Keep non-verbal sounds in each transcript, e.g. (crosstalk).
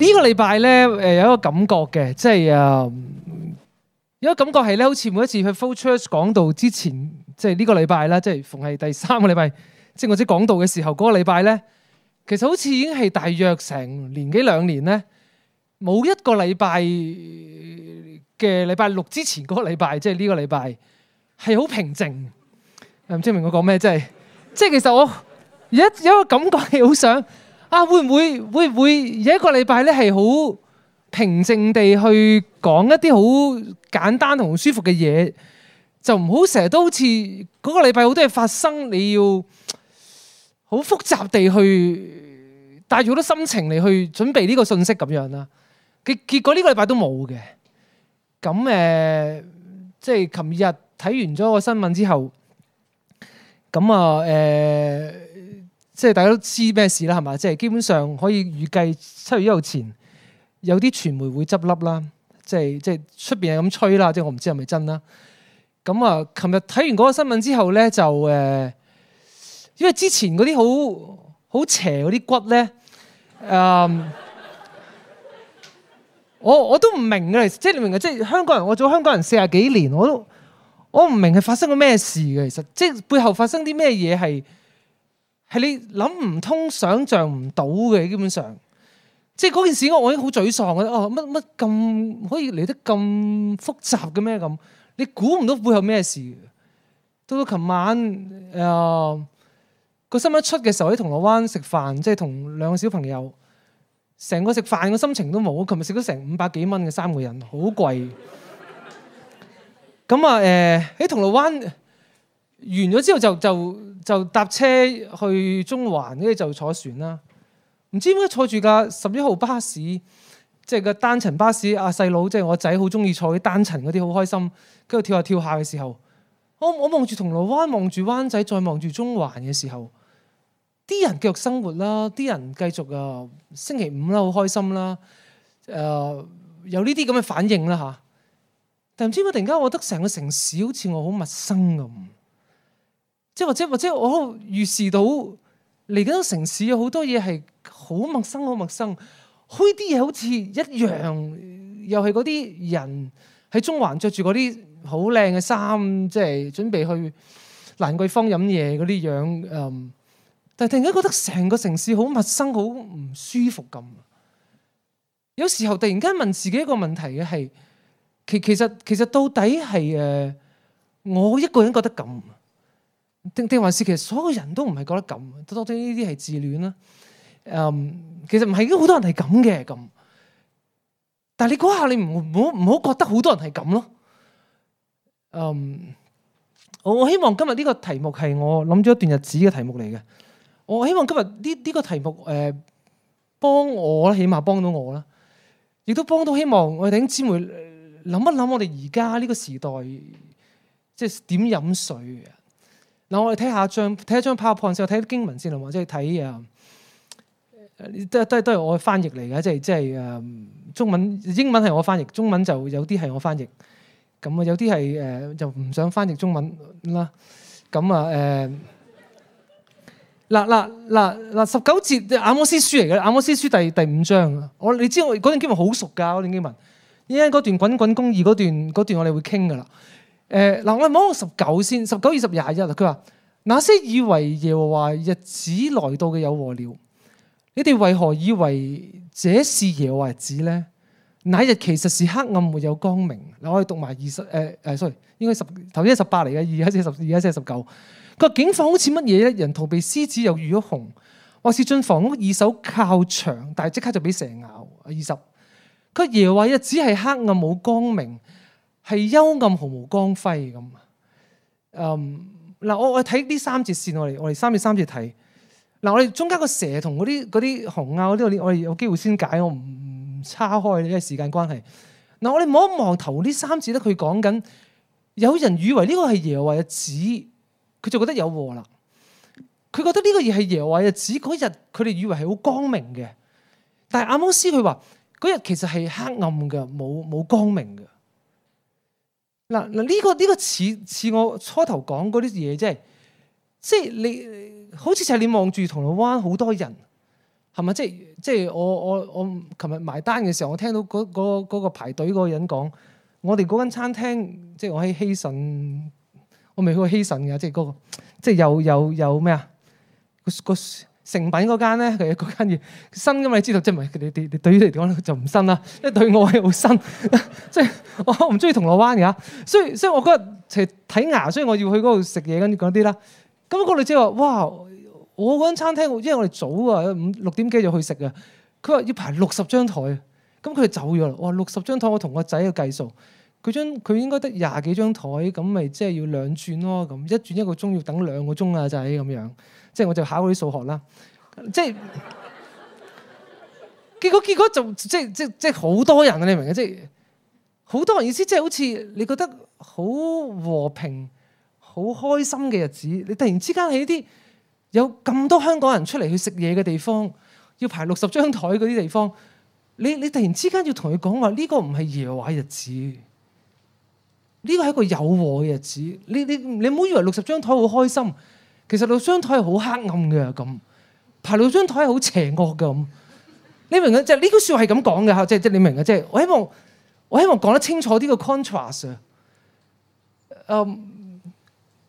個禮呢個禮拜咧，誒有一個感覺嘅，即係誒，有一個感覺係咧，好似每一次去 flow church 講道之前，即係呢個禮拜啦，即係逢係第三個禮拜，即係我知講道嘅時候嗰、嗰個禮拜咧，其實好似已經係大約成年幾兩年咧，冇一個禮拜嘅禮拜六之前嗰個禮拜，即係呢個禮拜係好平靜。誒，唔知明我講咩？即係即係其實我有一一個感覺係好想。啊，會唔會會唔會有一個禮拜咧，係好平靜地去講一啲好簡單同舒服嘅嘢，就唔好成日都好似嗰個禮拜好多嘢發生，你要好複雜地去帶住好多心情嚟去準備呢個信息咁樣啦。結結果呢個禮拜都冇嘅。咁誒，即係琴日睇完咗個新聞之後，咁啊誒。呃即係大家都知咩事啦，係嘛？即係基本上可以預計七月一號前有啲傳媒會執笠啦。即係即係出邊係咁吹啦，即係我唔知係咪真啦。咁、嗯、啊，琴日睇完嗰個新聞之後咧，就誒、呃，因為之前嗰啲好好邪嗰啲骨咧，誒、呃， (laughs) 我我都唔明嘅，其實即係你明嘅，即係香港人。我做香港人四十幾年，我都我唔明係發生過咩事嘅，其實即係背後發生啲咩嘢係。係你諗唔通，想象唔到嘅，基本上，即係嗰件事，我已經好沮喪嘅。哦、啊，乜乜咁可以嚟得咁複雜嘅咩咁？你估唔到背後咩事？到到琴晚，誒、呃、個新聞一出嘅時候喺銅鑼灣食飯，即係同兩個小朋友，成個食飯嘅心情都冇。琴日食咗成五百幾蚊嘅三個人，好貴。咁啊，誒、呃、喺銅鑼灣。完咗之後就就就搭車去中環，跟住就坐船啦。唔知點解坐住架十一號巴士，即係個單層巴士。阿細佬即係我仔，好中意坐啲單層嗰啲，好開心，跟住跳下跳下嘅時候，我我望住銅鑼灣，望住灣仔，再望住中環嘅時候，啲人繼續生活啦，啲人繼續啊星期五啦，好開心啦，誒有呢啲咁嘅反應啦吓？但唔知點解突然間，我覺得成個城市好似我好陌生咁。即或者或者我預視到嚟緊個城市有好多嘢係好陌生好陌生。開啲嘢好似一樣，又係嗰啲人喺中環着住嗰啲好靚嘅衫，即係準備去蘭桂坊飲嘢嗰啲樣。嗯，但係突然間覺得成個城市好陌生，好唔舒服咁。有時候突然間問自己一個問題嘅係，其其實其實到底係誒我一個人覺得咁。定定還是其實所有人都唔係覺得咁，多啲呢啲係自戀啦、啊。嗯，其實唔係，好多人係咁嘅咁。但係你講下，你唔好唔好覺得好多人係咁咯。嗯，我希望今日呢個題目係我諗咗一段日子嘅題目嚟嘅。我希望今日呢呢個題目誒，幫、呃、我啦，起碼幫到我啦，亦都幫到希望我哋等姊妹諗一諗我哋而家呢個時代即係點飲水。嗱，我哋睇下張睇下張 PowerPoint 先，睇啲經文先啦，即係睇誒，都都都係我嘅翻譯嚟嘅，即係即係誒中文英文係我翻譯，中文就有啲係我翻譯，咁啊有啲係誒就唔想翻譯中文啦，咁啊誒，嗱嗱嗱嗱，十九節阿摩斯書嚟嘅，阿摩斯書第第五章，我你知我段經文好熟㗎，嗰段經文，依家段滾滾公義嗰段段，段我哋會傾㗎啦。誒，嗱、嗯，我哋摸下十九先，十九、二十、廿一啊。佢話那些以為耶和華日子來到嘅有禍了？你哋為何以為這是耶和華日子咧？那日其實是黑暗，沒有光明。嗱、嗯，我哋讀埋二十，誒誒，sorry，應該十，頭先十八嚟嘅，二一、二二、一、二、十九。個景況好似乜嘢咧？人逃避獅子，又遇咗熊，或是進房屋，以手靠牆，但係即刻就俾蛇咬。二十，佢耶和華日子係黑暗，冇光明。係幽暗毫無光輝咁，嗯嗱，我我睇呢三節線，我哋我哋三月三節睇，嗱，我哋中間個蛇同嗰啲嗰啲熊啊嗰啲，我哋有機會先解，我唔唔叉開，呢個時間關係。嗱、嗯、我哋望一望頭呢三節咧，佢講緊有人以為呢個係耶和華嘅日子，佢就覺得有禍啦。佢覺得呢個嘢係耶和華嘅日子嗰日，佢哋以為係好光明嘅，但係阿摩司佢話嗰日其實係黑暗嘅，冇冇光明嘅。嗱嗱呢個呢個似似我初頭講嗰啲嘢，即係即係你好似就係你望住銅鑼灣好多人，係咪？即係即係我我我琴日埋單嘅時候，我聽到嗰嗰個排隊嗰個人講，我哋嗰間餐廳，即係我喺希慎，我未去過希慎噶，即係嗰個，即係有有有咩啊？個個。成品嗰間咧，佢實嗰間嘢新，㗎嘛。你知道，即係唔係？你你你，你，你，你，你，你，你，你，你對於你嚟講咧就唔新啦，即係對我係好新。即係我唔中意銅鑼灣㗎，所以所以我嗰日其實睇牙，所以我要去嗰度食嘢，跟住嗰啲啦。咁，嗰個女仔話：哇，我嗰間餐廳，因為我哋早啊，五六點幾就去食啊。佢話要排六十張台，咁佢就走咗啦。哇，六十張台，我同個仔嘅計數。佢張佢應該得廿幾張台，咁咪即係要兩轉咯。咁一轉一個鐘要等兩個鐘啊，仔，就係咁樣。即係我就考嗰啲數學啦，即係，結果結果就即係即係即係好多人啊！你明唔明啊，即係好多人意思，即係好似你覺得好和平、好開心嘅日子，你突然之間喺啲有咁多香港人出嚟去食嘢嘅地方，要排六十張台嗰啲地方，你你突然之間要同佢講話，呢個唔係夜話日子，呢個係一個有禍嘅日子。你你你唔好以為六十張台好開心。其實路雙軌係好黑暗嘅咁，排路雙軌係好邪惡嘅咁，你明嘅？即係呢句説話係咁講嘅嚇，即係即係你明嘅？即係我希望我希望講得清楚啲嘅 contrast 啊、嗯，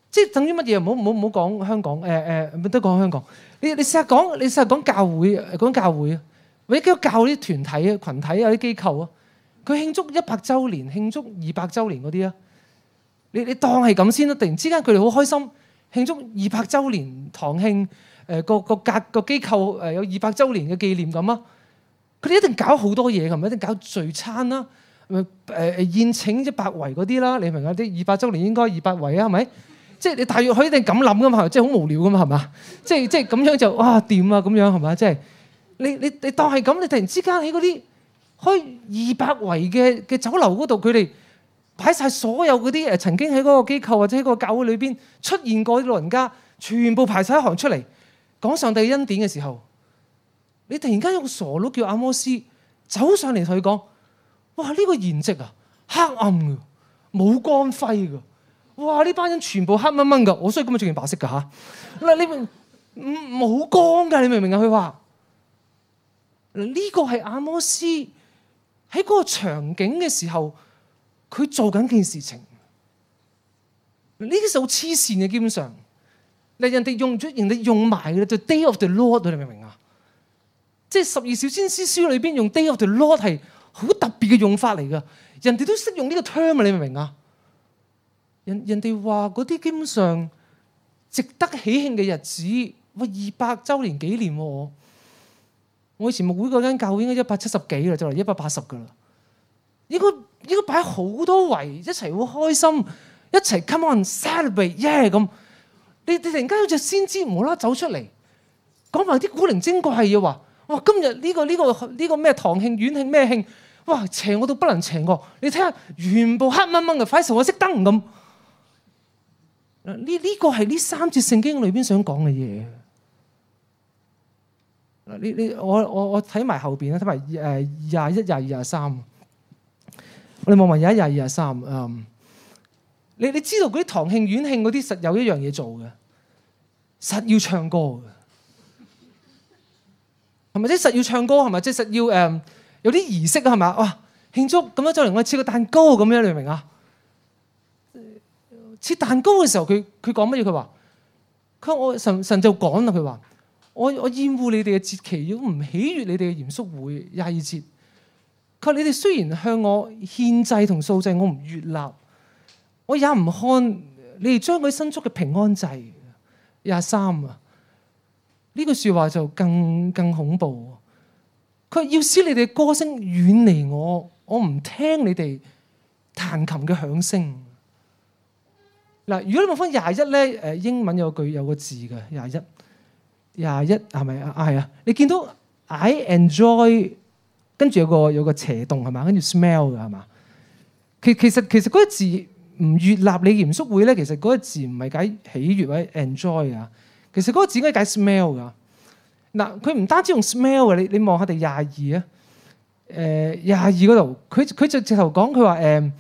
即係等於乜嘢？唔好唔好唔好講香港誒誒，唔得講香港。你你試下講你試下講教會講教會，或者叫教啲團體啊、羣體啊、啲機構啊，佢慶祝一百週年、慶祝二百週年嗰啲啊，你你當係咁先啦！突然之間佢哋好開心。慶祝二百周年堂慶，誒個個格個機構誒、呃、有二百周年嘅紀念咁啊！佢哋一定搞好多嘢，係咪？一定搞聚餐啦，誒誒宴請一百圍嗰啲啦。你明唔明啊？啲二百周年應該二百圍啊，係咪？即係你大約可以咁諗㗎嘛，即係好無聊㗎嘛，係嘛？即係即係咁樣就哇掂啊，咁樣係嘛？即係你你你當係咁，你突然之間喺嗰啲開二百圍嘅嘅酒樓嗰度，佢哋。擺晒所有嗰啲誒，曾經喺嗰個機構或者喺個教會裏邊出現過啲老人家，全部排晒一行出嚟講上帝恩典嘅時候，你突然間有個傻佬叫阿摩司走上嚟同佢講，哇！呢、這個筵席啊，黑暗嘅，冇光輝嘅，哇！呢班人全部黑掹掹噶，我衰今日着件白色噶吓，嗱、啊、 (laughs) 你明冇光噶，你明唔明啊？佢話，呢、這個係阿摩司喺嗰個場景嘅時候。佢做緊件事情，呢啲手黐線嘅基本上，嗱，人哋用咗人哋用埋嘅就 Day of the Lord，你明唔明啊？即係十二小先知書裏邊用 Day of the Lord 係好特別嘅用法嚟嘅，人哋都識用呢個 term 啊！你明唔明啊？人人哋話嗰啲基本上值得喜慶嘅日子，喂，二百周年紀念喎、啊？我以前牧會嗰間教會應該一百七十幾啦，就嚟一百八十噶啦，應該。應該擺好多圍，一齊好開心，一齊 come on celebrate 耶、yeah, 咁。你你突然間好似先知唔好啦走出嚟，講埋啲古靈精怪嘅話：，哇！今日呢、呢個呢、呢個呢、呢個咩堂慶、院慶咩慶？哇！邪我到不能邪我，你睇下，全部黑掹掹嘅，快上我熄燈咁。呢呢個係呢三節聖經裏邊想講嘅嘢。嗱，呢呢我我我睇埋後邊啦，睇埋誒廿一、廿二、廿三。我哋望下廿一、廿二、um,、廿三。嗯，你你知道嗰啲堂慶、院慶嗰啲，實有一樣嘢做嘅，實要唱歌嘅，係咪即實要唱歌？係咪即實要？嗯、um,，有啲儀式啊，係咪？哇，慶祝咁樣就嚟，我哋切個蛋糕咁樣，你明唔明啊？切蛋糕嘅時候，佢佢講乜嘢？佢話：，佢我神神就講啦，佢話：我我厭惡你哋嘅節期，如果唔喜悅你哋嘅嚴肅會。廿二節。佢話你哋雖然向我獻祭同素祭，我唔悅納，我也唔看你哋將佢伸出嘅平安祭。廿三啊！呢句說話就更更恐怖。佢要使你哋嘅歌聲遠離我，我唔聽你哋彈琴嘅響聲。嗱，如果你問翻廿一咧，誒，英文有句有個字㗎。廿一廿一係咪啊？係啊，你見到 I enjoy。跟住有個有個斜洞係嘛？跟住 smell 嘅係嘛？其其實其實嗰個字唔悅納你嚴肅會咧，其實嗰個字唔係解喜悅或者 enjoy 啊。其實嗰個字應該解解 smell 噶。嗱，佢唔單止用 smell 嘅，你你望下第廿二啊。誒廿二嗰度，佢佢就直頭講佢話誒，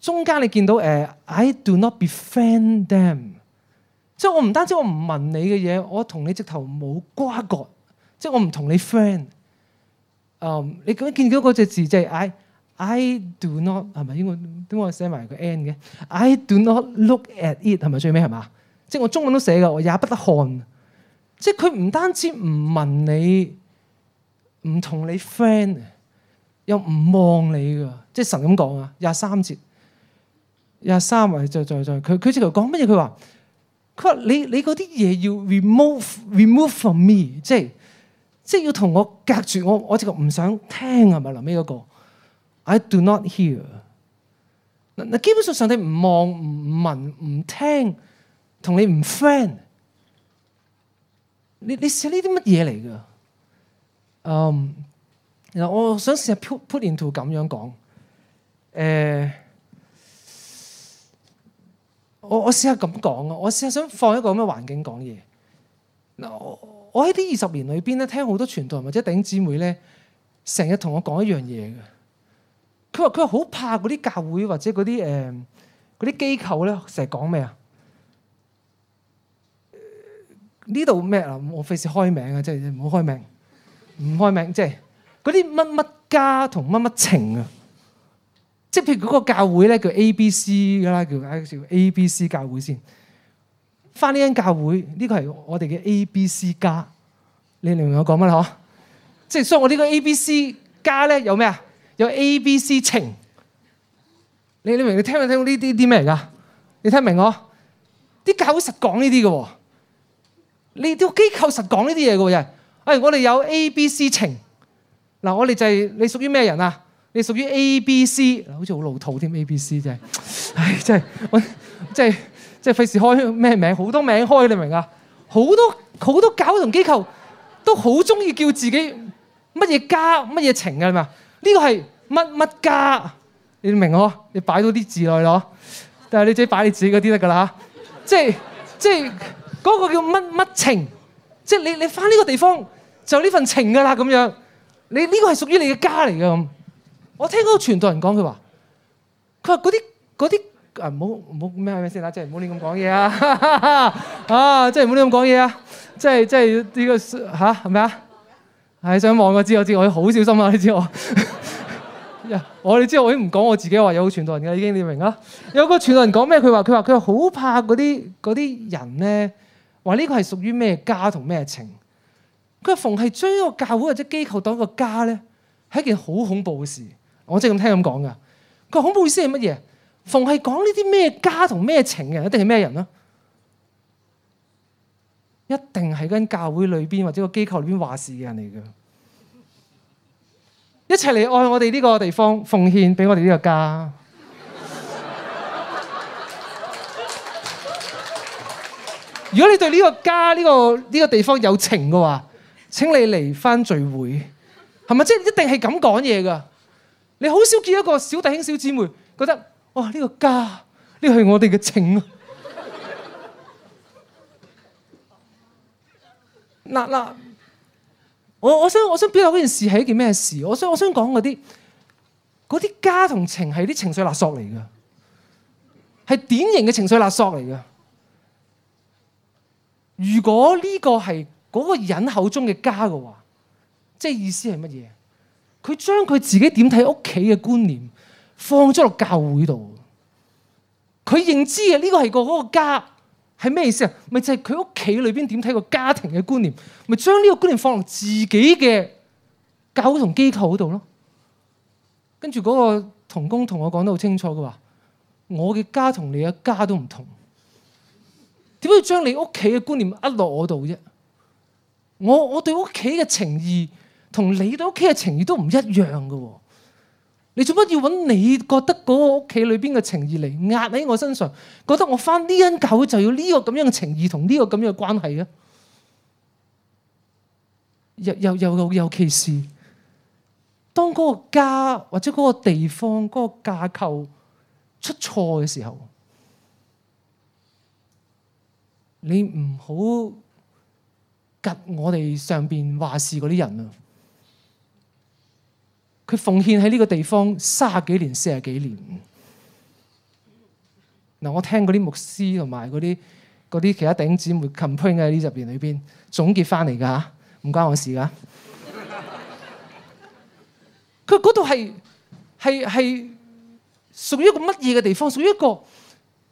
中間你見到誒，呃，I do not befriend them，即係我唔單止我唔問你嘅嘢，我同你直頭冇瓜葛，即係我唔同你 friend。誒，um, 你見到嗰隻字就係、是、I I do not 係咪？點解點解我寫埋個 N 嘅？I do not look at it 係咪最尾係嘛？即係我中文都寫㗎，我也不得看。即係佢唔單止唔問你，唔同你 friend，又唔望你㗎。即係神咁講啊，廿三節，廿三啊，再再再，佢佢直頭講乜嘢？佢話佢話你你嗰啲嘢要 remove remove from me，即係。即係要同我隔住我，我直覺唔想聽係咪？是是臨尾、那、嗰個，I do not hear。嗱嗱，基本上上帝唔望、唔聞、唔聽，同你唔 friend。你你寫呢啲乜嘢嚟噶？嗯、um,，嗱，我想試下 put put into 咁樣講。誒，我我試下咁講啊！我試下想放一個咁嘅環境講嘢。嗱我喺呢二十年裏邊咧，聽好多傳道人或者頂姊妹咧，成日同我講一樣嘢嘅。佢話佢好怕嗰啲教會或者嗰啲誒啲機構咧，成日講咩啊？呢度咩啊？我費事開名啊，即係唔好開名，唔開名即係嗰啲乜乜家同乜乜情啊！即係譬如嗰個教會咧叫 A B C 噶啦，叫叫 A B C 教會先。翻呢間教會，呢個係我哋嘅 A、B、C 家。你明唔明我講乜嗬？即係所以我呢個 A、B、C 家咧有咩啊？有 A、B、C 情，你你明？你聽唔聽到呢啲啲咩嚟噶？你聽唔明我？啲教會實講呢啲嘅，你啲機構實講呢啲嘢嘅。又，誒我哋有 A、B、C 情，嗱我哋就係你屬於咩人啊？你屬於 A、B、C，好似好老土添 A、B、C，真係，唉真係，我真係。即係費事開咩名，好多名開你明唔明啊？好多好多教會同機構都好中意叫自己乜嘢家乜嘢情㗎嘛？呢、這個係乜乜家，你明呵？你擺到啲字落去咯。但係你自己擺你自己嗰啲得㗎啦。即係即係嗰、那個叫乜乜情？即係你你返呢個地方就呢份情㗎啦咁樣。你呢、這個係屬於你嘅家嚟㗎咁。我聽嗰個傳道人講佢話，佢話嗰啲嗰啲。啊！唔好唔好咩先啦，即係唔好亂咁講嘢啊！啊，即係唔好亂咁講嘢啊！即係即係呢個吓係咪啊？係上網我知我知，我好小心啊！你知，我， (laughs) 我，知我，我哋知我，我唔講我自己話有好傳道人嘅，已經你明啊？有個傳道人講咩？佢話佢話佢好怕嗰啲啲人咧，話呢個係屬於咩家同咩情？佢逢係將一個教會或者機構當一個家咧，係一件好恐怖嘅事。我即係咁聽咁講噶。佢恐怖意思係乜嘢？逢係講呢啲咩家同咩情嘅人，一定係咩人咯，啊？一定係間教會裏邊或者個機構裏邊話事嘅人嚟嘅。一齊嚟愛我哋呢個地方，奉獻俾我哋呢個家。 (laughs) 如果你對呢個家、呢、這個呢、這個地方有情嘅話，請你嚟翻聚會，係咪？即、就、係、是、一定係咁講嘢㗎。你好少見一個小弟兄、小姊妹覺得。哇！呢、呢個家，呢個係我哋嘅情啊！嗱 (laughs) 嗱，我我想我想表達嗰件事係一件咩事？我想我想講嗰啲，啲家同情係啲情緒勒索嚟噶，係典型嘅情緒勒索嚟噶。如果呢個係嗰個人口中嘅家嘅話，即係意思係乜嘢？佢將佢自己點睇屋企嘅觀念？放咗落教會度，佢認知嘅呢個係個嗰個家係咩意思啊？咪就係佢屋企裏邊點睇個家庭嘅觀念，咪將呢個觀念放落自己嘅教會同機構嗰度咯。跟住嗰個童工同我講得好清楚，佢話：我嘅家同你嘅家都唔同，點解要將你屋企嘅觀念壓落我度啫？我我對屋企嘅情義同你對屋企嘅情義都唔一樣嘅喎。你做乜要揾你覺得嗰個屋企裏邊嘅情義嚟壓喺我身上？覺得我返呢間教會就要呢個咁樣嘅情義同呢個咁樣嘅關係啊！又又尤其是當嗰個家或者嗰個地方嗰個架構出錯嘅時候，你唔好及我哋上邊話事嗰啲人啊！佢奉獻喺呢個地方卅幾年、四十幾年。嗱，我聽嗰啲牧師同埋嗰啲啲其他弟兄姊妹 combine 喺呢十年裏邊總結翻嚟噶吓，唔關我的事噶。佢嗰度係係係屬於一個乜嘢嘅地方？屬於一個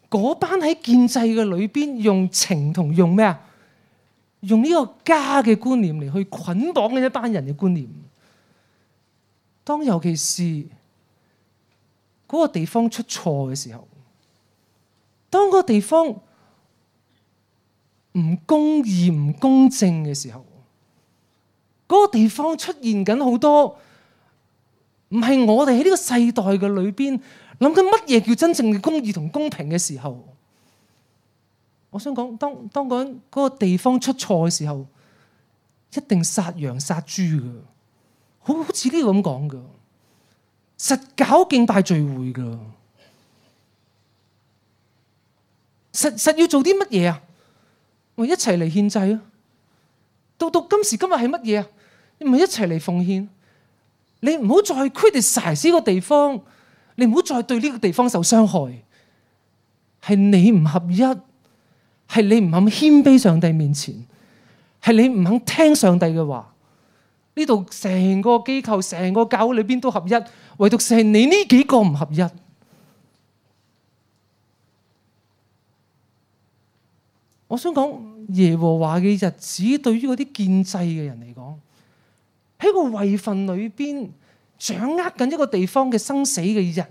嗰班喺建制嘅裏邊用情同用咩啊？用呢個家嘅觀念嚟去捆綁嘅一班人嘅觀念。當尤其是嗰個地方出錯嘅時候，當個地方唔公義唔公正嘅時候，嗰個地方出現緊好多唔係我哋喺呢個世代嘅裏面諗緊乜嘢叫真正嘅公義同公平嘅時候，我想講當當嗰個地方出錯嘅時候，一定殺羊殺豬嘅。好好似呢個咁講噶，實搞勁大聚會噶，實實要做啲乜嘢啊？我一齊嚟獻祭啊！到到今時今日係乜嘢啊？咪一齊嚟奉獻。你唔好再 criticise 呢個地方，你唔好再對呢個地方受傷害。係你唔合一，係你唔肯謙卑上帝面前，係你唔肯聽上帝嘅話。呢度成個機構、成個教會裏邊都合一，唯獨剩你呢幾個唔合一。我想講耶和華嘅日子對於嗰啲建制嘅人嚟講，喺個位份裏邊掌握緊一個地方嘅生死嘅人，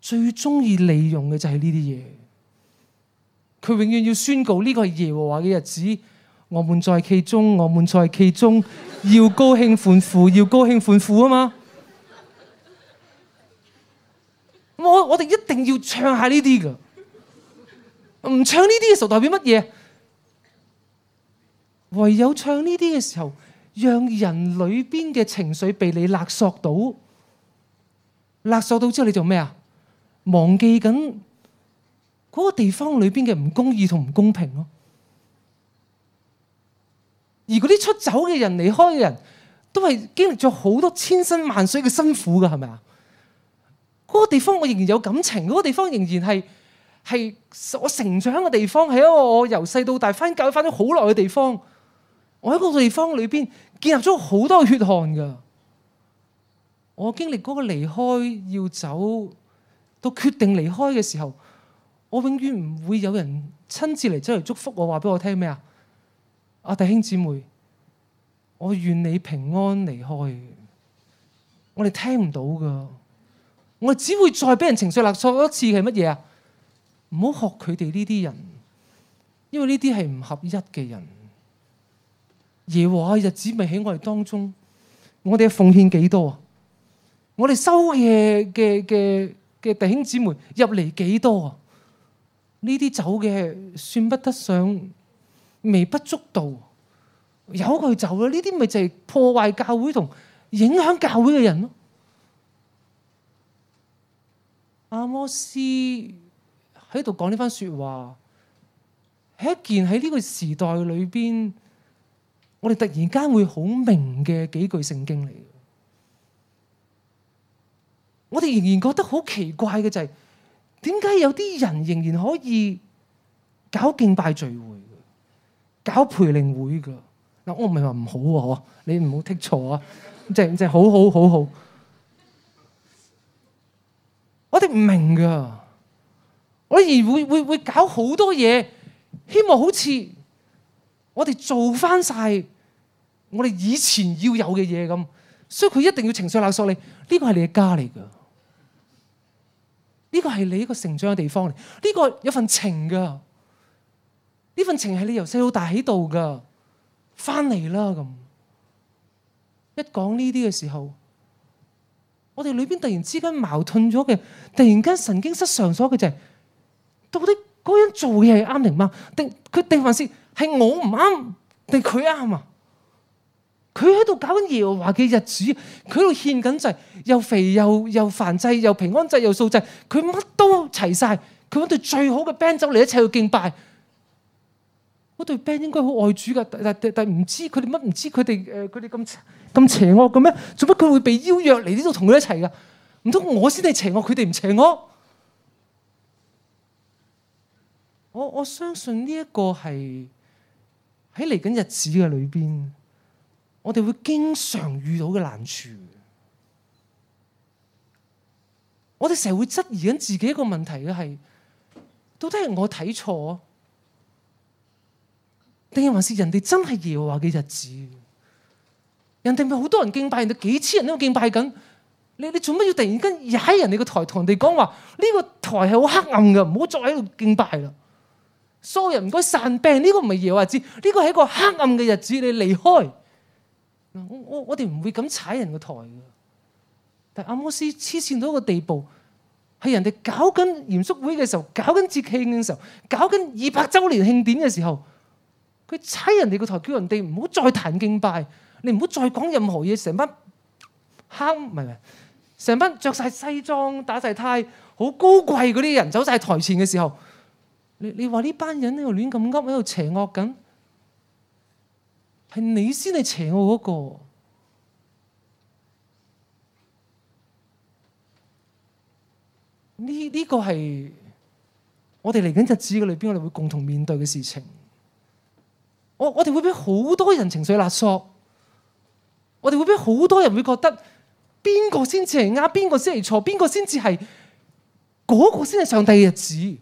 最中意利用嘅就係呢啲嘢。佢永遠要宣告呢個係耶和華嘅日子。我們在其中，我們在其中，要高興歡呼，要高興歡呼啊嘛！我我哋一定要唱下呢啲㗎，唔唱呢啲嘅時候代表乜嘢？唯有唱呢啲嘅時候，讓人裏邊嘅情緒被你勒索到，勒索到之後你做咩啊？忘記緊嗰個地方裏面嘅唔公義同唔公平咯。而嗰啲出走嘅人、離開嘅人都係經歷咗好多千辛萬水嘅辛苦㗎，係咪啊？嗰個地方我仍然有感情，嗰個地方仍然係係我成長嘅地方，係一個我由細到大返教返咗好耐嘅地方。我喺嗰個地方裏邊建立咗好多血汗㗎。我經歷嗰個離開、要走到決定離開嘅時候，我永遠唔會有人親自嚟走嚟祝福我，話俾我聽咩啊？阿、啊、弟兄姊妹，我願你平安離開。我哋聽唔到噶，我哋只會再俾人情緒勒索一次，係乜嘢啊？唔好學佢哋呢啲人，因為呢啲係唔合一嘅人。耶和華日子咪喺我哋當中，我哋嘅奉獻幾多啊？我哋收嘢嘅嘅嘅弟兄姊妹入嚟幾多啊？呢啲走嘅算不得上。微不足道，由佢走啦！呢啲咪就係破壞教會同影響教會嘅人咯、啊。阿摩司喺度講呢番說話，係一件喺呢個時代裏邊，我哋突然間會好明嘅幾句聖經嚟。我哋仍然覺得好奇怪嘅就係、是，點解有啲人仍然可以搞敬拜聚會？搞培靈會噶嗱、啊啊，就是就是。我唔係話唔好喎，你唔好剔錯啊！即係即係好好好好，我哋唔明噶，我而會會會搞好多嘢，希望好似我哋做翻晒我哋以前要有嘅嘢咁，所以佢一定要情緒勒索你，呢、呢個係你嘅家嚟噶，呢、呢個係你一個成長嘅地方嚟，呢、呢個有份情噶。呢份情係你由細到大喺度噶，返嚟啦咁。一講呢啲嘅時候，我哋裏邊突然之間矛盾咗嘅，突然間神經失常咗嘅就係、是，到底嗰人做嘢啱定唔啱？定佢定還是係我唔啱定佢啱啊？佢喺度搞緊耶和華嘅日子，佢喺度獻緊祭，又肥又又燔祭又平安祭又素祭，佢乜都齊晒，佢搵隊最好嘅 band 走嚟一齊去敬拜。我對 band 應該好愛主㗎，但但但唔知佢哋乜唔知佢哋誒佢哋咁咁邪惡嘅咩？做乜佢會被邀約嚟呢度同佢一齊㗎？唔通我先係邪惡，佢哋唔邪惡？我我相信呢一個係喺嚟緊日子嘅裏邊，我哋會經常遇到嘅難處。我哋成日會質疑緊自己一個問題嘅係，到底係我睇錯定還是人哋真係耶和華嘅日子，人哋咪好多人敬拜，人哋幾千人都敬拜緊。你你做乜要突然間踩人哋個台，堂？人哋講話呢個台係好黑暗嘅，唔好再喺度敬拜啦。所有人唔該散病，病、這、呢個唔係耶和華節，呢、這個係一個黑暗嘅日子，你離開。我我我哋唔會咁踩人個台嘅，但阿摩斯黐線到一個地步，喺人哋搞緊嚴肅會嘅時候，搞緊節慶嘅時候，搞緊二百周年慶典嘅時候。佢踩人哋個台，叫人哋唔好再彈敬拜，你唔好再講任何嘢。成班坑，唔係唔係，成班着晒西裝、打晒呔、好高貴嗰啲人走晒台前嘅時候，你你話呢班人喺度亂咁噏，喺度邪惡緊，係你先係邪惡嗰個。呢呢個係我哋嚟緊日子嘅裏邊，我哋會共同面對嘅事情。我我哋會俾好多人情緒勒索，我哋會俾好多人會覺得邊個先至係啱，邊個先係錯，邊個先至係嗰個先係上帝嘅日子。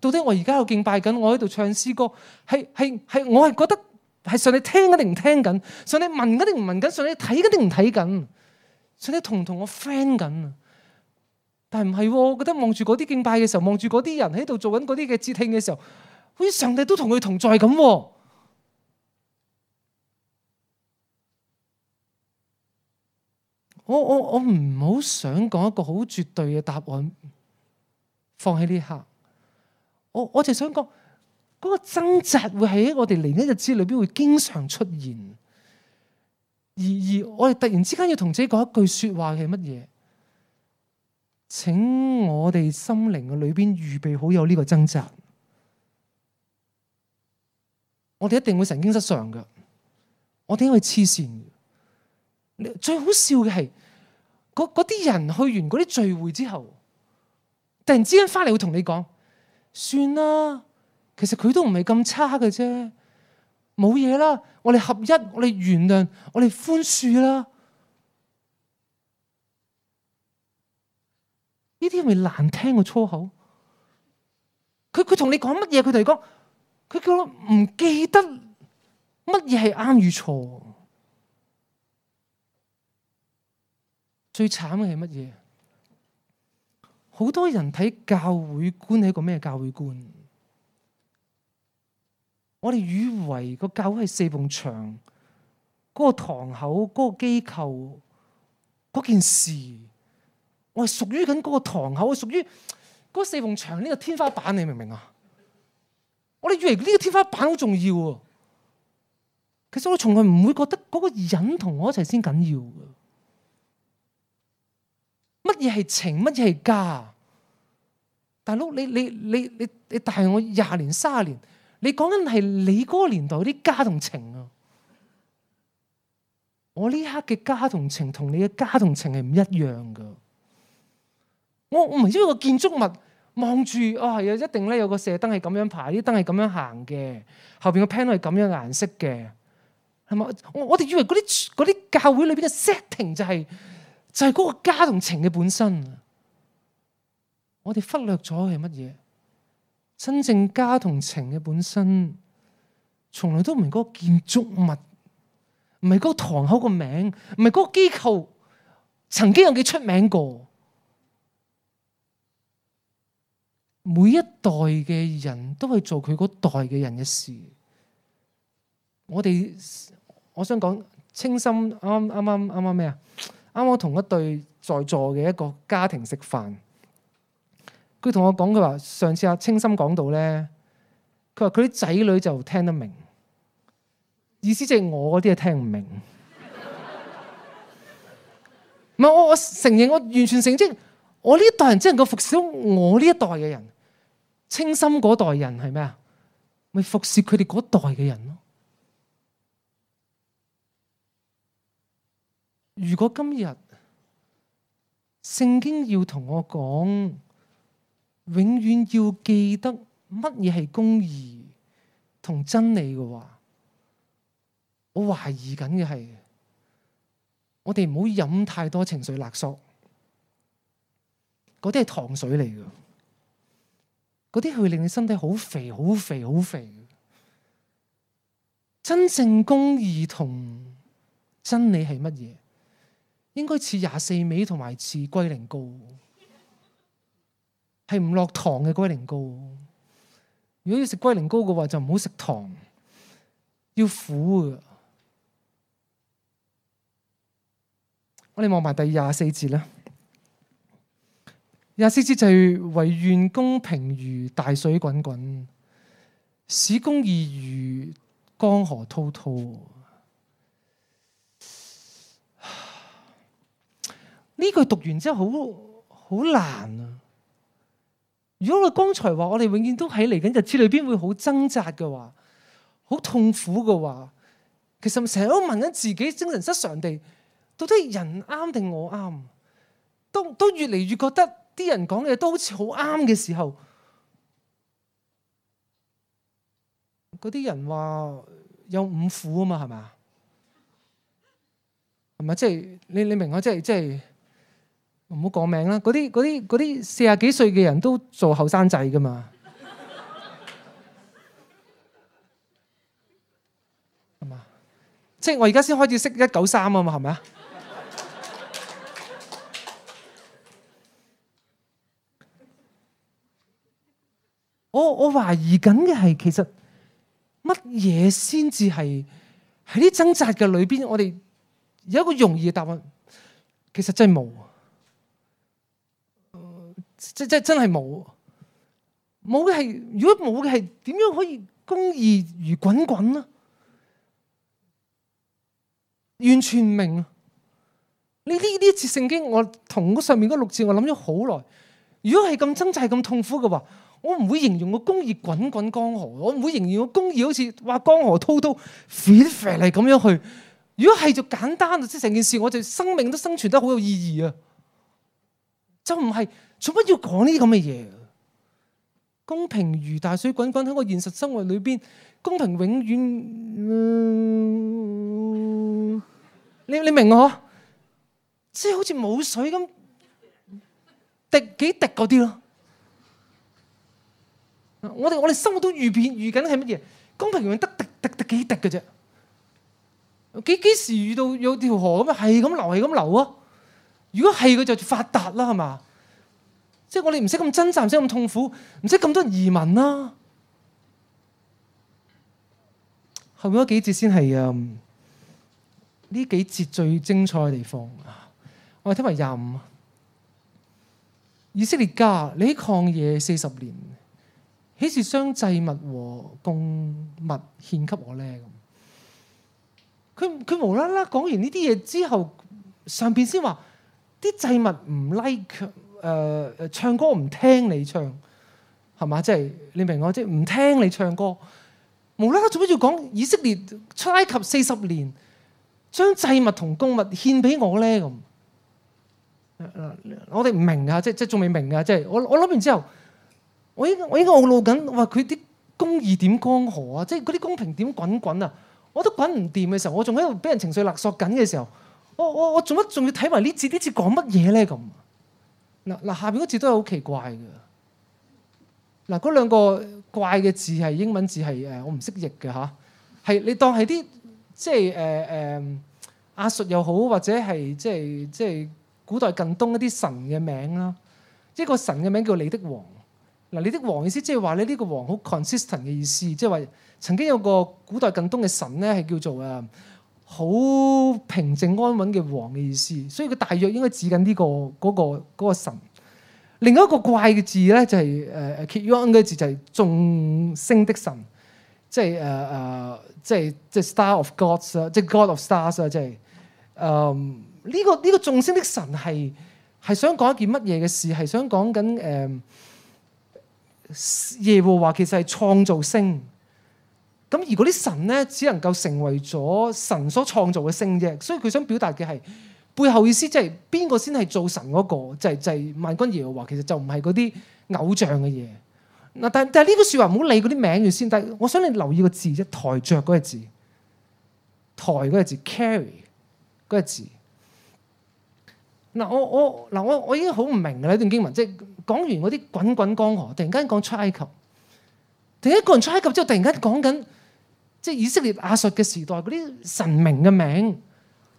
到底我而家有敬拜緊，我喺度唱詩歌，係係係，我係覺得係上帝聽定唔聽緊，上帝聞定唔聞緊，上帝睇定唔睇緊，上帝同唔同我 friend 緊啊？但唔係喎，我覺得望住嗰啲敬拜嘅時候，望住嗰啲人喺度做緊嗰啲嘅節慶嘅時候。好似上帝都同佢同在咁。我我我唔好想講一個好絕對嘅答案。放喺呢刻我，我我就想講嗰個掙扎會喺我哋嚟一日之裏邊會經常出現。而而我哋突然之間要同自己講一句說話嘅係乜嘢？請我哋心靈嘅裏邊預備好有呢個掙扎。我哋一定會神經失常嘅，我哋因為黐線。最好笑嘅係，嗰啲人去完嗰啲聚會之後，突然之間翻嚟會同你講：算啦，其實佢都唔係咁差嘅啫，冇嘢啦。我哋合一，我哋原諒，我哋寬恕啦。呢啲係咪難聽嘅粗口？佢佢同你講乜嘢？佢哋講。佢覺得唔記得乜嘢係啱與錯。最慘嘅係乜嘢？好多人睇教會觀係個咩教會觀？我哋以為個教會係四面牆，嗰、那個堂口、嗰、那個機構、嗰件事，我係屬於緊嗰個堂口，我屬於嗰四面牆呢、這個天花板，你明唔明啊？我哋以為呢個天花板好重要，其實我從來唔會覺得嗰個人同我一齊先緊要噶。乜嘢係情，乜嘢係家？大佬，你你你你你大我廿年、卅年，你講緊係你嗰個年代嗰啲家同情啊！我呢刻嘅家同情同你嘅家同情係唔一樣噶。我我唔係一個建築物。望住，哦，係啊，一定咧，有個射燈係咁樣排，啲燈係咁樣行嘅，後邊個 panel 係咁樣顏色嘅，係咪？我我哋以為嗰啲啲教會裏邊嘅 setting 就係就係嗰個家同情嘅本身。我哋忽略咗係乜嘢？真正家同情嘅本身，從來都唔係嗰個建築物，唔係嗰個堂口個名，唔係嗰個機構曾經有幾出名過。每一代嘅人都係做佢嗰代嘅人嘅事。我哋我想講，清心啱啱啱啱咩啊？啱啱同一對在座嘅一個家庭食飯，佢同我講，佢話上次阿清心講到咧，佢話佢啲仔女就聽得明，意思即係我啲嘢聽唔明。唔係我我承認我完全承認。我呢一代人只能夠服侍到我呢一代嘅人，清心嗰代人係咩啊？咪服侍佢哋嗰代嘅人咯。如果今日聖經要同我講，永遠要記得乜嘢係公義同真理嘅話，我懷疑緊嘅係，我哋唔好飲太多情緒勒索。嗰啲係糖水嚟嘅，嗰啲會令你身體好肥、好肥、好肥。真正公義同真理係乜嘢？應該似廿四味同埋似龜苓膏，係唔落糖嘅龜苓膏。如果要食龜苓膏嘅話，就唔好食糖，要苦噶。我哋望埋第廿四節啦。廿四節就係唯願公平如大水滾滾，使公義如江河滔滔。呢句讀完之後好好難啊！如果我剛才話我哋永遠都喺嚟緊日子裏邊會好掙扎嘅話，好痛苦嘅話，其實成日都問緊自己，精神失常地，到底人啱定我啱？都都越嚟越覺得。啲人講嘢都好似好啱嘅時候，嗰啲人話有五虎啊嘛，係咪啊？係咪即係你你明我，即係即係唔好講名啦。嗰啲啲啲四十幾歲嘅人都做後生仔㗎嘛，係嘛？即係我而家先開始識一九三啊嘛，係咪啊？懷疑緊嘅係，其實乜嘢先至係喺啲掙扎嘅裏邊？我哋有一個容易嘅答案，其實真係冇、呃，真真真係冇。冇嘅係，如果冇嘅係，點樣可以公義如滾滾呢？完全唔明。你呢呢一次聖經，我同上面嗰六字，我諗咗好耐。如果係咁掙扎，咁痛苦嘅話。我唔會形容個公義滾滾江河，我唔會形容個公義好似話江河滔滔飛瀉嚟咁樣去。如果係就簡單啊，即係成件事，我就生命都生存得好有意義啊。就唔係，做乜要講呢啲咁嘅嘢？公平如大水滾滾，喺個現實生活裏邊，公平永遠、呃……你你明我？即係好似冇水咁滴幾滴嗰啲咯。我哋我哋生活都遇變遇緊係乜嘢？公平永遠得滴滴滴幾滴嘅啫，幾幾時遇到有條河咁啊？係咁流係咁流啊！如果係佢就發達啦，係嘛？即係我哋唔識咁掙扎，唔識咁痛苦，唔識咁多人移民啦、啊。後面嗰幾節先係嗯呢幾節最精彩嘅地方啊！我哋聽埋廿五，以色列家你喺曠野四十年。幾時將祭物和供物獻給我咧？咁佢佢無啦啦講完呢啲嘢之後，上邊先話啲祭物唔 like 誒，唱歌唔聽你唱係嘛？即係、就是、你明我即係唔聽你唱歌。無啦啦做乜要講以色列出埃及四十年將祭物同供物獻俾我咧？咁我哋唔明啊！即即仲未明啊！即係我我諗完之後。我依我依家暴露緊，我話佢啲公義點江河啊，即係嗰啲公平點滾滾啊！我都滾唔掂嘅時候，我仲喺度俾人情緒勒索緊嘅時候，我我我做乜仲要睇埋呢字？呢字講乜嘢咧？咁嗱嗱，下邊嗰字都係好奇怪嘅。嗱，嗰兩個怪嘅字係英文字係誒，我唔識譯嘅吓，係你當係啲即係誒誒阿術又好，或者係即係即係古代近東一啲神嘅名啦。一個神嘅名叫李的王。嗱，你的王意思即係話咧，呢個王好 consistent 嘅意思，即係話曾經有個古代近東嘅神咧，係叫做啊好平靜安穩嘅王嘅意思，所以佢大約應該指緊、這、呢個嗰、那個那個神。另外一個怪嘅字咧，就係誒 kion 嘅字，就係眾星的神，即係誒誒，即係即係 star of gods，即係 god of stars 啊、這個，即係嗯呢個呢個眾星的神係係想講一件乜嘢嘅事，係想講緊誒。呃耶和華其實係創造星，咁而嗰啲神咧只能夠成為咗神所創造嘅星啫，所以佢想表達嘅係背後意思，就是，即係邊個先係做神嗰，那個，就係、是、就係、是、萬軍耶和華，其實就唔係嗰啲偶像嘅嘢。嗱，但但係呢個說話唔好理嗰啲名住先，但係我想你留意個字啫，抬著嗰個字，抬嗰個字 carry 嗰個字。嗱，我我嗱我我已經好唔明啦呢段經文，即係講完嗰啲滾滾江河，突然間講出埃及，突然一個人出埃及之後，突然間講緊即係以色列亞述嘅時代嗰啲神明嘅名，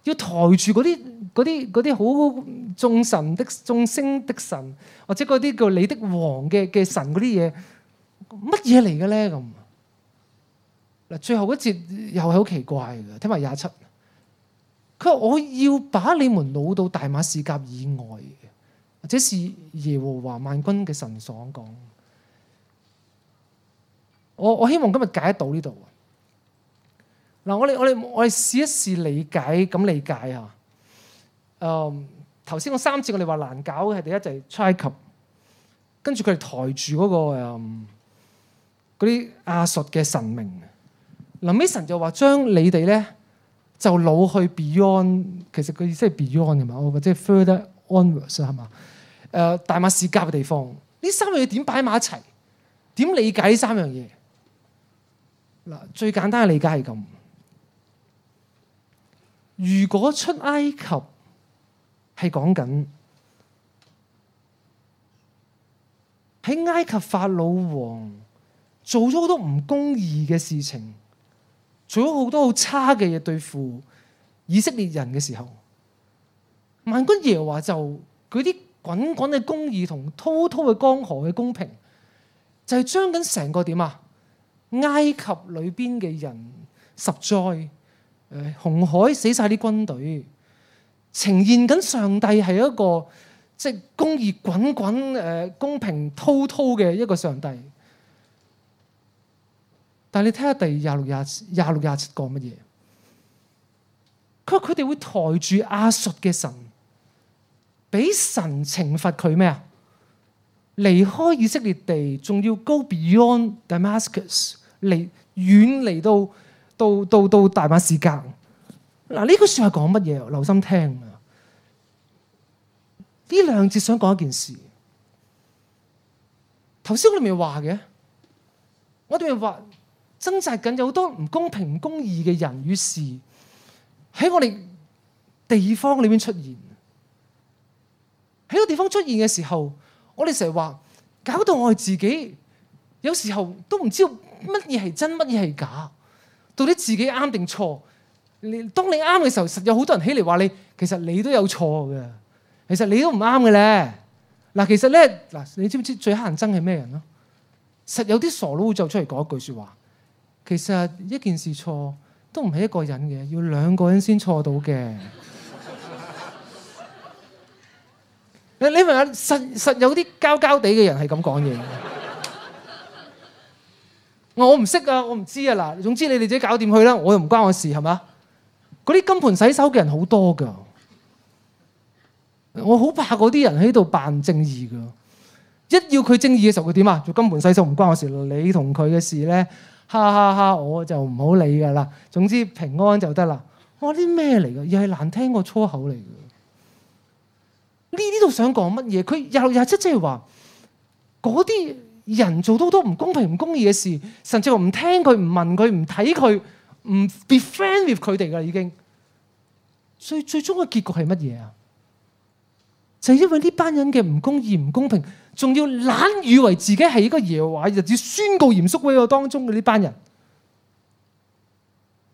要抬住嗰啲啲啲好眾神的眾星的神，或者嗰啲叫你的王嘅嘅神嗰啲嘢，乜嘢嚟嘅咧咁？嗱，最後嗰節又係好奇怪嘅，聽埋廿七。佢話我要把你們擄到大馬士革以外嘅，或者是耶和華萬軍嘅神所講。我我希望今日解得到呢度。嗱，我哋我哋我哋試一試理解咁理解吓、呃那個。嗯，頭先我三次我哋話難搞嘅係第一就埃及，跟住佢哋抬住嗰個誒嗰啲亞述嘅神明。臨尾神就話將你哋咧。就老去 beyond，其實佢意思係 beyond 嘅嘛，我即係 further onwards 係嘛？誒大馬士革嘅地方，呢三樣嘢點擺埋一齊？點理解呢三樣嘢？嗱，最簡單嘅理解係咁：如果出埃及係講緊喺埃及法老王做咗好多唔公義嘅事情。除咗好多好差嘅嘢對付以色列人嘅時候，萬軍耶和華就佢啲滾滾嘅公義同滔滔嘅江河嘅公平，就係將緊成個點啊埃及裏邊嘅人十災，實在誒紅海死晒啲軍隊，呈現緊上帝係一個即係、就是、公義滾滾誒、呃、公平滔滔嘅一個上帝。但係你睇下第廿六廿廿六廿七講乜嘢？佢佢哋會抬住亞述嘅神，俾神懲罰佢咩啊？離開以色列地，仲要 go beyond Damascus 嚟遠嚟到到到到大馬士革。嗱呢、呢個算係講乜嘢？留心聽啊！呢兩節想講一件事。頭先我哋咪話嘅，我哋咪話。掙扎緊有好多唔公平、唔公義嘅人與事喺我哋地方裏面出現。喺個地方出現嘅時候，我哋成日話搞到我哋自己，有時候都唔知乜嘢係真，乜嘢係假，到底自己啱定錯？你當你啱嘅時候，實有好多人起嚟話你，其實你都有錯嘅，其實你都唔啱嘅咧。嗱，其實咧，嗱，你知唔知最乞人憎係咩人咯？實有啲傻佬會就出嚟講一句説話。其實一件事錯都唔係一個人嘅，要兩個人先錯到嘅。你你問實實有啲膠膠地嘅人係咁講嘢。我我唔識啊，我唔知啊。嗱，總之你哋自己搞掂佢啦，我又唔關我事，係嘛？嗰啲金盆洗手嘅人好多㗎，我好怕嗰啲人喺度扮正義㗎。一要佢正義嘅時候，佢點啊？做金盆洗手唔關我事，你同佢嘅事咧。哈哈哈，我就唔好理噶啦。總之平安就得啦。哇，啲咩嚟噶？又係難聽過粗口嚟嘅。呢啲都想講乜嘢？佢又日即係話嗰啲人做到好多唔公平、唔公義嘅事，甚至話唔聽佢、唔問佢、唔睇佢、唔 be friend with 佢哋噶啦，已經。最最終嘅結局係乜嘢啊？就因為呢班人嘅唔公義、唔公平，仲要懶以為自己係一個耶和華日子宣告嚴肅威嚇當中嘅呢班人，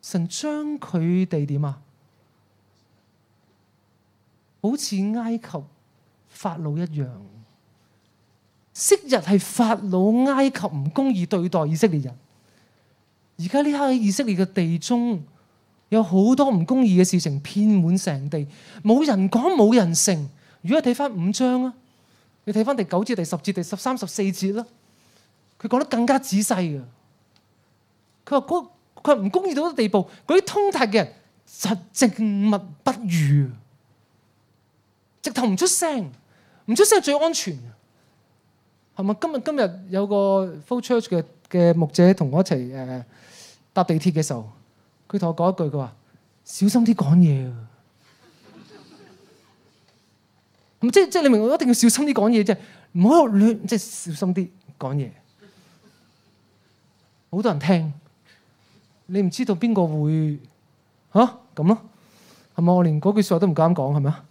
神將佢哋點啊？好似埃及法老一樣，昔日係法老埃及唔公義對待以色列人，而家呢刻喺以色列嘅地中有好多唔公義嘅事情，遍滿成地，冇人講，冇人成。如果你睇翻五章啊，你睇翻第九節、第十節、第十三、十四節啦，佢講得更加仔細啊。佢話，佢話唔公義到啲地步，嗰啲通達嘅人實靜默不語直頭唔出聲，唔出聲最安全。係咪，今日今日有個 flow church 嘅嘅牧者同我一齊誒、呃、搭地鐵嘅時候，佢同我講一句，佢話：小心啲講嘢啊！咁即即你明我一定要小心啲講嘢啫，唔好喺度亂，即小心啲講嘢。好多人聽，你唔知道邊個會，吓？咁咯，係咪？我連嗰句說話都唔敢講，係咪啊？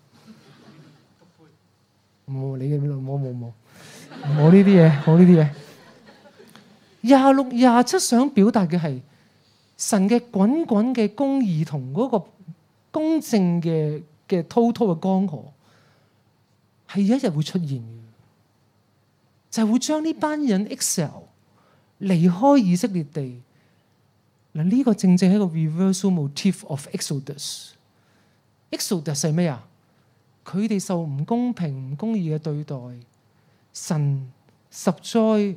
唔好你嘅老母冇冇冇呢啲嘢，冇呢啲嘢。廿六廿七想表達嘅係神嘅滾滾嘅公義同嗰個公正嘅嘅滔滔嘅江河。係一日會出現嘅，就係會將呢班人 exile 離開以色列地。嗱，呢個正正係一個 reversal motif of Exodus, Exodus。Exodus 係咩啊？佢哋受唔公平、唔公義嘅對待，神十災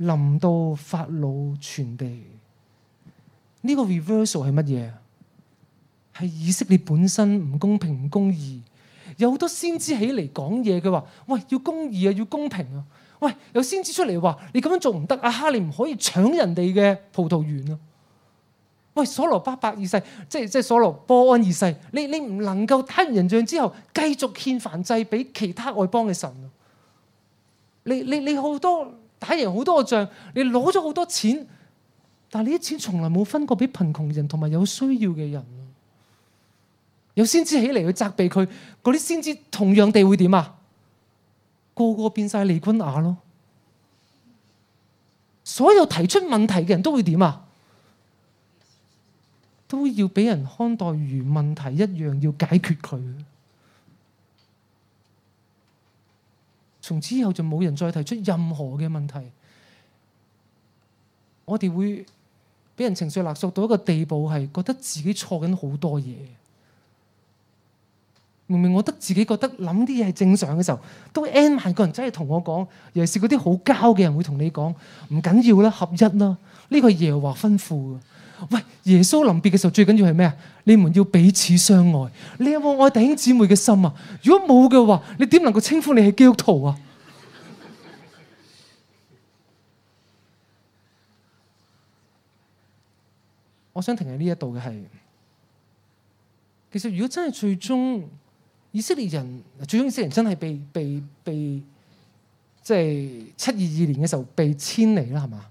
臨到法老全地。呢個 reversal 係乜嘢？係以色列本身唔公平、唔公義。有好多先知起嚟講嘢，佢話：喂，要公義啊，要公平啊！喂，有先知出嚟話：你咁樣做唔得啊！哈，你唔可以搶人哋嘅葡萄園啊！喂，所羅巴伯二世，即係即係所羅波安二世，你你唔能夠打完人仗之後，繼續獻繁祭俾其他外邦嘅神啊。你你你好多打贏好多個仗，你攞咗好多錢，但係你啲錢從來冇分過俾貧窮人同埋有需要嘅人啊。有先知起嚟去責備佢，嗰啲先知同樣地會點啊？個個變曬利觀眼咯。所有提出問題嘅人都會點啊？都要俾人看待如問題一樣，要解決佢。從此以後就冇人再提出任何嘅問題。我哋會俾人情緒勒索到一個地步，係覺得自己錯緊好多嘢。明明我得自己覺得諗啲嘢係正常嘅時候，都會 N 萬個人真係同我講，尤其是嗰啲好交嘅人會同你講，唔緊要啦，合一啦，呢個係耶和華吩咐嘅。喂，耶穌臨別嘅時候最緊要係咩啊？你們要彼此相愛，你有冇愛弟兄姊妹嘅心啊？如果冇嘅話，你點能夠稱呼你係基督徒啊？ (laughs) 我想停喺呢一度嘅係，其實如果真係最終。以色列人最終以色列人真係被被被，即係七二二年嘅時候被遷離啦，係嘛？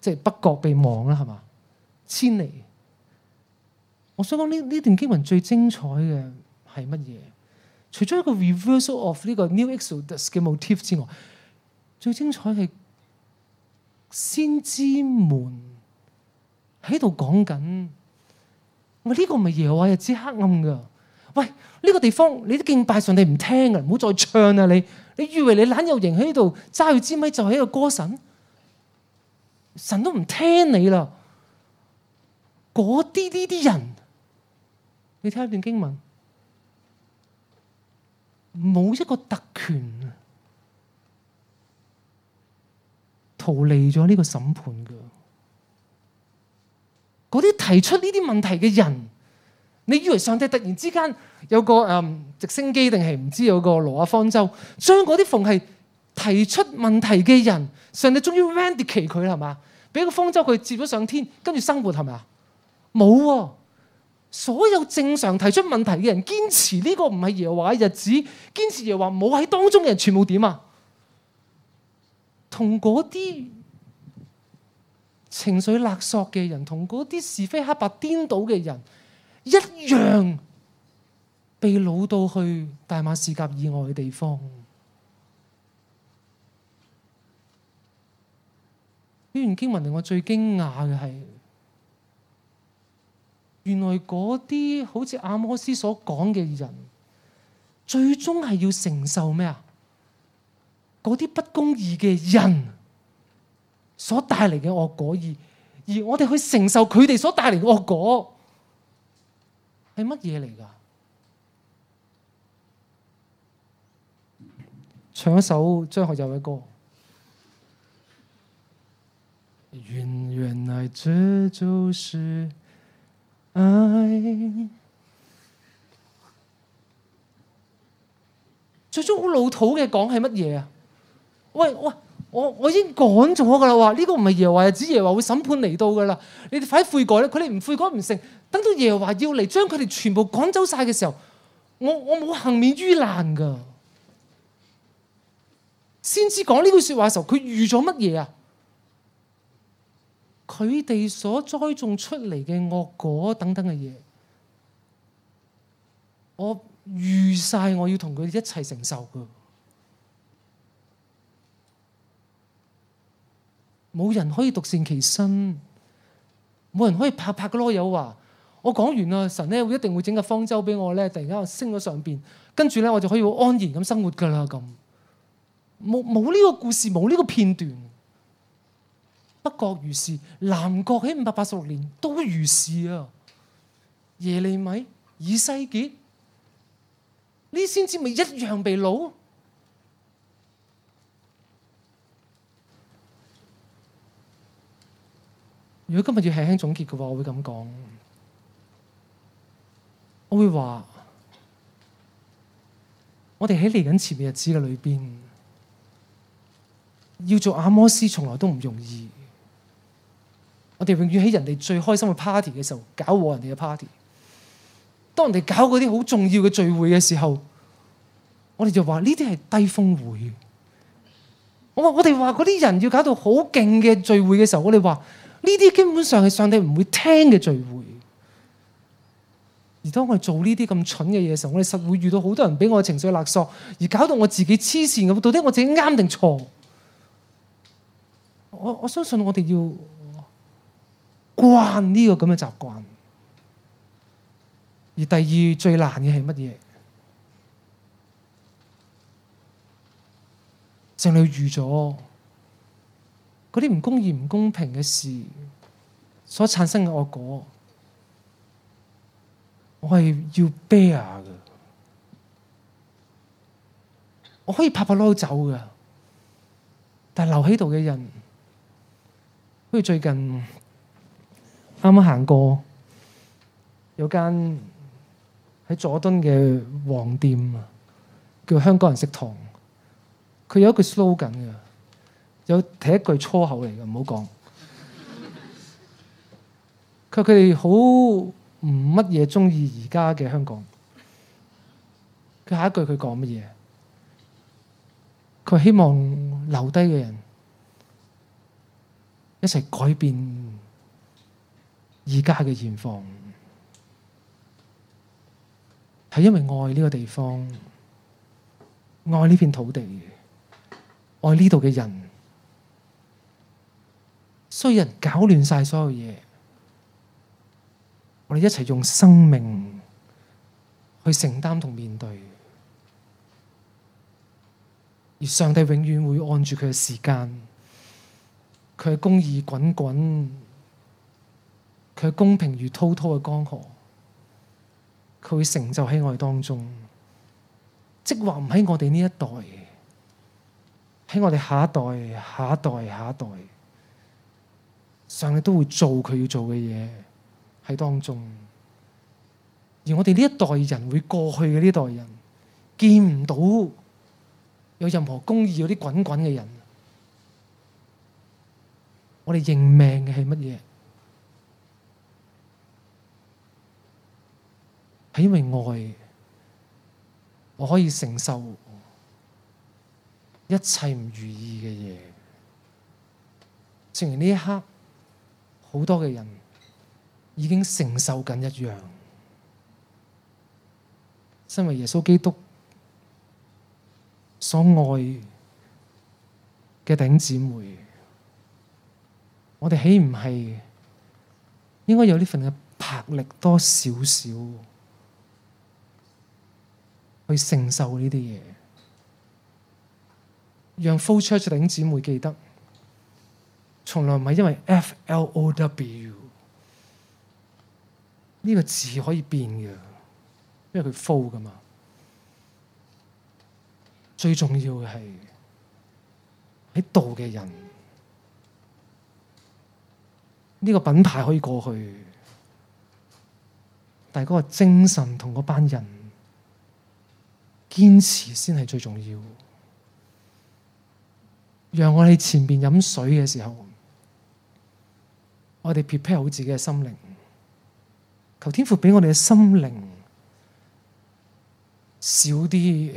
即係北國被亡啦，係嘛？遷離。我想講呢呢段經文最精彩嘅係乜嘢？除咗一個 reversal of 呢個 new exodus 嘅 motif 之外，最精彩係先知們喺度講緊，我、哎、呢、這個唔係耶和華之黑暗噶。喂，呢、這個地方你嘅敬拜上帝唔聽嘅，唔好再唱啦！你，你以為你懶有型喺呢度揸住支咪就係一個歌神？神都唔聽你啦！嗰啲呢啲人，你聽一段經文，冇一個特權逃離咗呢個審判嘅。嗰啲提出呢啲問題嘅人。你以為上帝突然之間有個嗯直升機定係唔知有個羅亞方舟，將嗰啲逢係提出問題嘅人，上帝終於 vindicate 佢係嘛？俾個方舟佢接咗上天，跟住生活係嘛？冇喎、啊，所有正常提出問題嘅人堅持呢個唔係耶華嘅日子，堅持耶華冇喺當中嘅人，全部點啊？同嗰啲情緒勒索嘅人，同嗰啲是非黑白顛倒嘅人。一樣被擄到去大馬士革以外嘅地方。呢段經文令我最驚訝嘅係，原來嗰啲好似阿摩斯所講嘅人，最終係要承受咩啊？嗰啲不公義嘅人所帶嚟嘅惡果，而而我哋去承受佢哋所帶嚟嘅惡果。係乜嘢嚟㗎？唱一首張學友嘅歌。原，原來這就是愛，最終好老土嘅講係乜嘢啊？喂喂！我我已經講咗噶啦，話呢個唔係耶華日子，耶華會審判嚟到噶啦。你哋快悔改啦，佢哋唔悔改唔成。等到耶華要嚟，將佢哋全部趕走晒嘅時候，我我冇幸免於難噶。先知講呢句說話嘅時候，佢預咗乜嘢啊？佢哋所栽種出嚟嘅惡果等等嘅嘢，我預晒，我要同佢哋一齊承受噶。冇人可以獨善其身，冇人可以拍拍個籮柚話，我講完啦，神咧會一定會整個方舟俾我咧，突然間我升咗上邊，跟住咧我就可以安然咁生活噶啦咁。冇呢個故事，冇呢個片段，北國如是，南國喺五百八十六年都如是啊，耶利米、以西結，呢先知咪一樣被擄。如果今日要輕輕總結嘅話，我會咁講，我會話，我哋喺嚟緊前面日子嘅裏邊，要做阿摩斯，從來都唔容易。我哋永遠喺人哋最開心嘅 party 嘅時候搞和人哋嘅 party，當人哋搞嗰啲好重要嘅聚會嘅時候，我哋就話呢啲係低峰會。我話我哋話嗰啲人要搞到好勁嘅聚會嘅時候，我哋話。呢啲基本上係上帝唔會聽嘅聚會，而當我哋做呢啲咁蠢嘅嘢嘅時候，我哋實會遇到好多人俾我的情緒勒索，而搞到我自己黐綫咁。到底我自己啱定錯？我我相信我哋要慣呢個咁嘅習慣。而第二最難嘅係乜嘢？正、就係、你預咗。嗰啲唔公義、唔公平嘅事所產生嘅惡果，我係要 bear 嘅。我可以拍拍籮柚走嘅，但係留喺度嘅人，好似最近啱啱行過有間喺佐敦嘅黃店，叫香港人食堂，佢有一句 slogan 嘅。有提一句粗口嚟嘅，唔好講。佢話佢哋好唔乜嘢中意而家嘅香港。佢下一句佢講乜嘢？佢希望留低嘅人一齊改變而家嘅現況，係因為愛呢個地方，愛呢片土地，愛呢度嘅人。所，所有人搞亂晒所有嘢，我哋一齊用生命去承擔同面對，而上帝永遠會按住佢嘅時間，佢嘅公義滾滾，佢嘅公平如滔滔嘅江河，佢會成就喺我哋當中，即話唔喺我哋呢一代，喺我哋下一代、下一代、下一代。上帝都會做佢要做嘅嘢喺當中，而我哋呢一代人會過去嘅呢代人，見唔到有任何公義、有啲滾滾嘅人，我哋認命嘅係乜嘢？係因為愛，我可以承受一切唔如意嘅嘢，正如呢一刻。好多嘅人已經承受緊一樣，身為耶穌基督所愛嘅弟兄姊妹，我哋豈唔係應該有呢份嘅魄力多少少去承受呢啲嘢，讓 flow church 弟兄姊妹記得。從來唔係因為 F L O W 呢個字可以變嘅，因為佢 flow 噶嘛。最重要嘅係喺度嘅人，呢、這個品牌可以過去，但係嗰個精神同嗰班人堅持先係最重要。讓我哋前面飲水嘅時候。我哋 prepare 好自己嘅心靈，求天父俾我哋嘅心靈少啲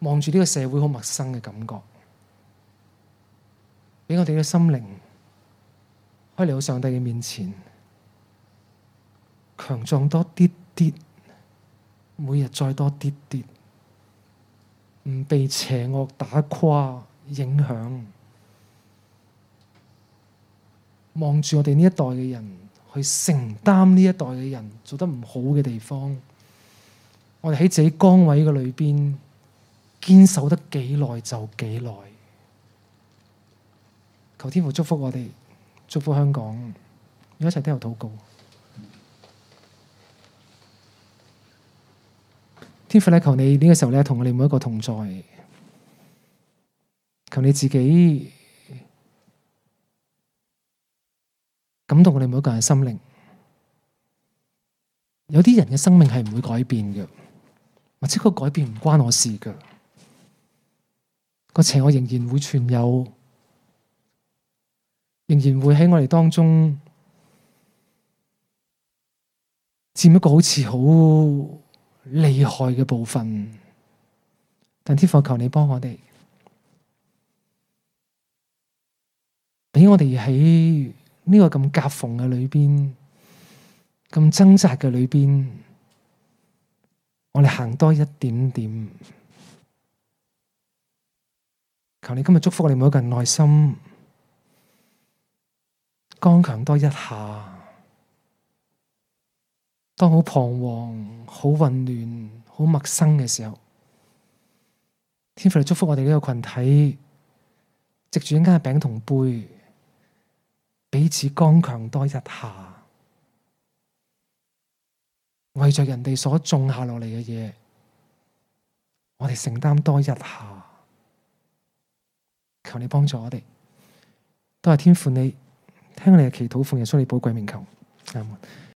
望住呢個社會好陌生嘅感覺，俾我哋嘅心靈可以嚟到上帝嘅面前，強壯多啲啲，每日再多啲啲，唔被邪惡打垮影響。望住我哋呢一代嘅人去承擔呢一代嘅人做得唔好嘅地方，我哋喺自己崗位嘅裏邊堅守得幾耐就幾耐。求天父祝福我哋，祝福香港，我一齊低頭禱告。嗯、天父咧求你呢、這個時候咧同我哋每一個同在，求你自己。感動你每一個人嘅心靈，有啲人嘅生命係唔會改變嘅，或者個改變唔關我事嘅，個邪惡仍然會存有，仍然會喺我哋當中占一個好似好厲害嘅部分。但天父求你幫我哋，俾我哋喺。呢個咁夾縫嘅裏邊，咁掙扎嘅裏邊，我哋行多一點點。求你今日祝福我哋每一個人，內心剛強多一下。當好彷徨、好混亂、好陌生嘅時候，天父你祝福我哋呢個群體，藉住一間嘅餅同杯。彼此剛強多一下，為着人哋所種下落嚟嘅嘢，我哋承擔多一下，求你幫助我哋。多謝天父，你聽你嘅祈禱，奉耶穌你寶貴名求，阿門。